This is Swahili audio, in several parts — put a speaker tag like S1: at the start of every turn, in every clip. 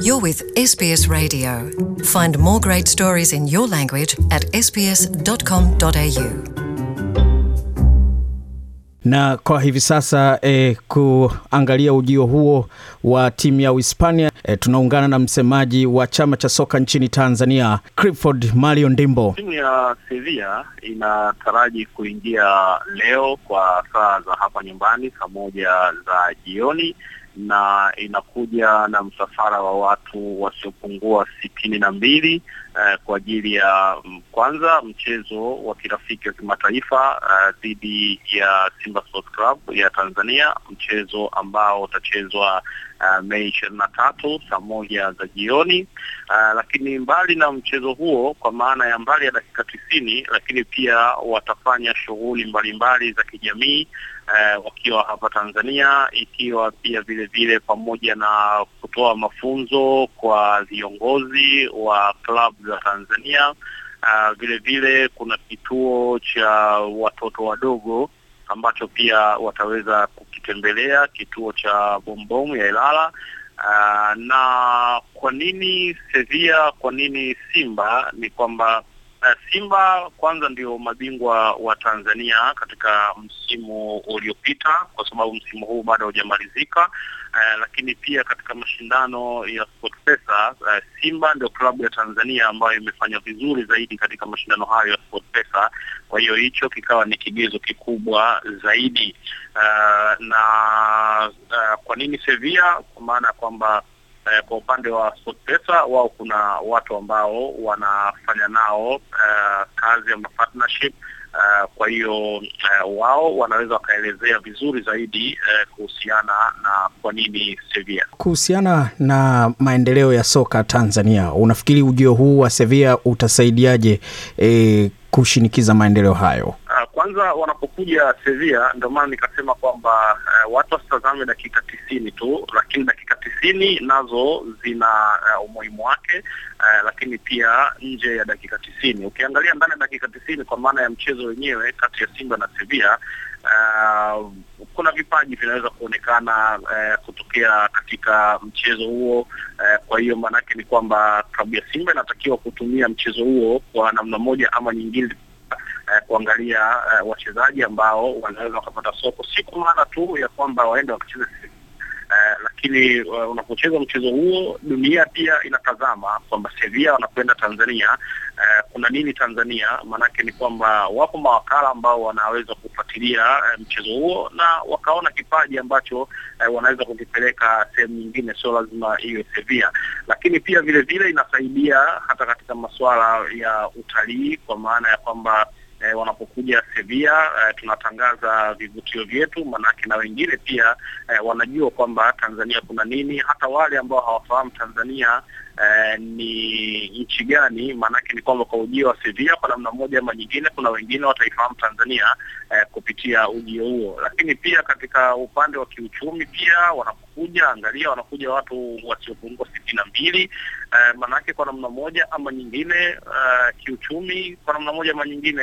S1: You're with SBS Radio. Find more great stories in your language at sbs.com.au. na kwa hivi sasa e, kuangalia ujio huo wa timu ya Uhispania e, tunaungana na msemaji wa chama cha soka nchini Tanzania Clifford Mario Ndimbo. Timu
S2: ya Sevilla inataraji kuingia leo kwa saa za hapa nyumbani saa moja za jioni na inakuja na msafara wa watu wasiopungua sitini na mbili eh, kwa ajili ya kwanza mchezo wa kirafiki wa kimataifa uh, dhidi uh, ya Simba Sports Club ya Tanzania, mchezo ambao utachezwa uh, Mei ishirini na tatu saa moja za jioni. Uh, lakini mbali na mchezo huo, kwa maana ya mbali ya dakika tisini, lakini pia watafanya shughuli mbalimbali za kijamii Uh, wakiwa hapa Tanzania ikiwa pia vile vile pamoja na kutoa mafunzo kwa viongozi wa klabu za Tanzania Vilevile ah, vile kuna kituo cha watoto wadogo ambacho pia wataweza kukitembelea, kituo cha bombomu ya Ilala. Uh, na kwa nini Sevilla, kwa nini Simba? Ni kwamba Eh, Simba kwanza ndio mabingwa wa Tanzania katika msimu uliopita, kwa sababu msimu huu bado haujamalizika. Uh, lakini pia katika mashindano ya SportPesa uh, Simba ndio klabu ya Tanzania ambayo imefanya vizuri zaidi katika mashindano hayo ya SportPesa. Kwa hiyo hicho kikawa ni kigezo kikubwa zaidi uh, na uh, kwa nini Sevilla, kwa maana ya kwamba eh, kwa upande wa SportPesa wao kuna watu ambao wanafanya nao eh, kazi ama partnership eh, kwa hiyo eh, wao wanaweza wakaelezea vizuri zaidi eh, kuhusiana na kwa nini Sevilla.
S1: Kuhusiana na maendeleo ya soka Tanzania, unafikiri ujio huu wa Sevilla utasaidiaje eh, kushinikiza maendeleo hayo?
S2: Eh, kwanza wanapokuja Sevilla, ndio maana nikasema kwamba uh, watu wasitazame dakika tisini tu, lakini dakika tisini nazo zina uh, umuhimu wake uh, lakini pia nje ya dakika tisini. Ukiangalia ndani ya dakika tisini kwa maana ya mchezo wenyewe kati ya Simba na Sevilla uh, kuna vipaji vinaweza kuonekana uh, kutokea katika mchezo huo uh, kwa hiyo maanaake ni kwamba klabu ya Simba inatakiwa kutumia mchezo huo kwa namna moja ama nyingine uh, kuangalia uh, wachezaji ambao wanaweza wakapata soko, si kwa maana tu ya kwamba waende wakacheze lakini uh, unapocheza mchezo huo dunia pia inatazama kwamba sevia wanakwenda Tanzania. Uh, kuna nini Tanzania? Maanake ni kwamba wapo mawakala ambao wanaweza kufuatilia uh, mchezo huo na wakaona kipaji ambacho uh, wanaweza kukipeleka sehemu nyingine, sio lazima iwe sevia Lakini pia vile vile inasaidia hata katika masuala ya utalii, kwa maana ya kwamba e, wanapokuja Sevilla e, tunatangaza vivutio vyetu, maanake na wengine pia e, wanajua kwamba Tanzania kuna nini. Hata wale ambao hawafahamu Tanzania eh, ni nchi gani? Maanake ni kwamba kwa ujio wa Sevilla kwa namna moja ama nyingine, kuna wengine wataifahamu Tanzania eh, kupitia ujio huo, lakini pia katika upande wa kiuchumi pia wanapokuja, angalia, wanakuja watu wasiopungua sitini na mbili eh, maanake kwa namna moja ama nyingine eh, kiuchumi kwa namna moja ama nyingine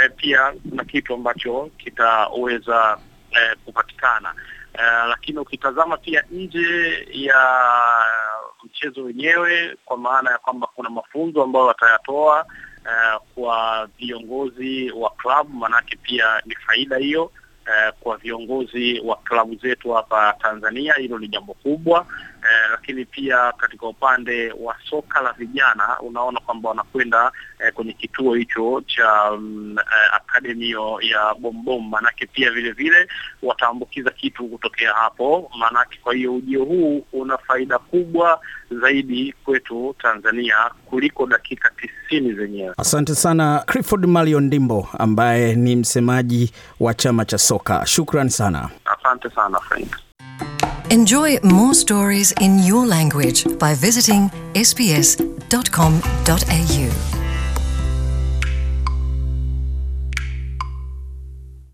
S2: eh, pia kuna kitu ambacho kitaweza eh, kupatikana eh, lakini ukitazama pia nje ya mchezo wenyewe, kwa maana ya kwamba kuna mafunzo ambayo watayatoa uh, kwa viongozi wa klabu, maanake pia ni faida hiyo uh, kwa viongozi wa klabu zetu hapa Tanzania. Hilo ni jambo kubwa eh, lakini pia katika upande wa soka la vijana unaona kwamba wanakwenda eh, kwenye kituo hicho cha um, eh, academy ya bombom, maanake pia vile vile wataambukiza kitu kutokea hapo, maanake kwa hiyo ujio huu una faida kubwa zaidi kwetu Tanzania kuliko dakika tisini zenyewe. Asante
S1: sana Clifford Malio Ndimbo ambaye ni msemaji wa chama cha soka. Shukran sana, asante sana Frank. Enjoy more stories in your language by visiting sbs.com.au.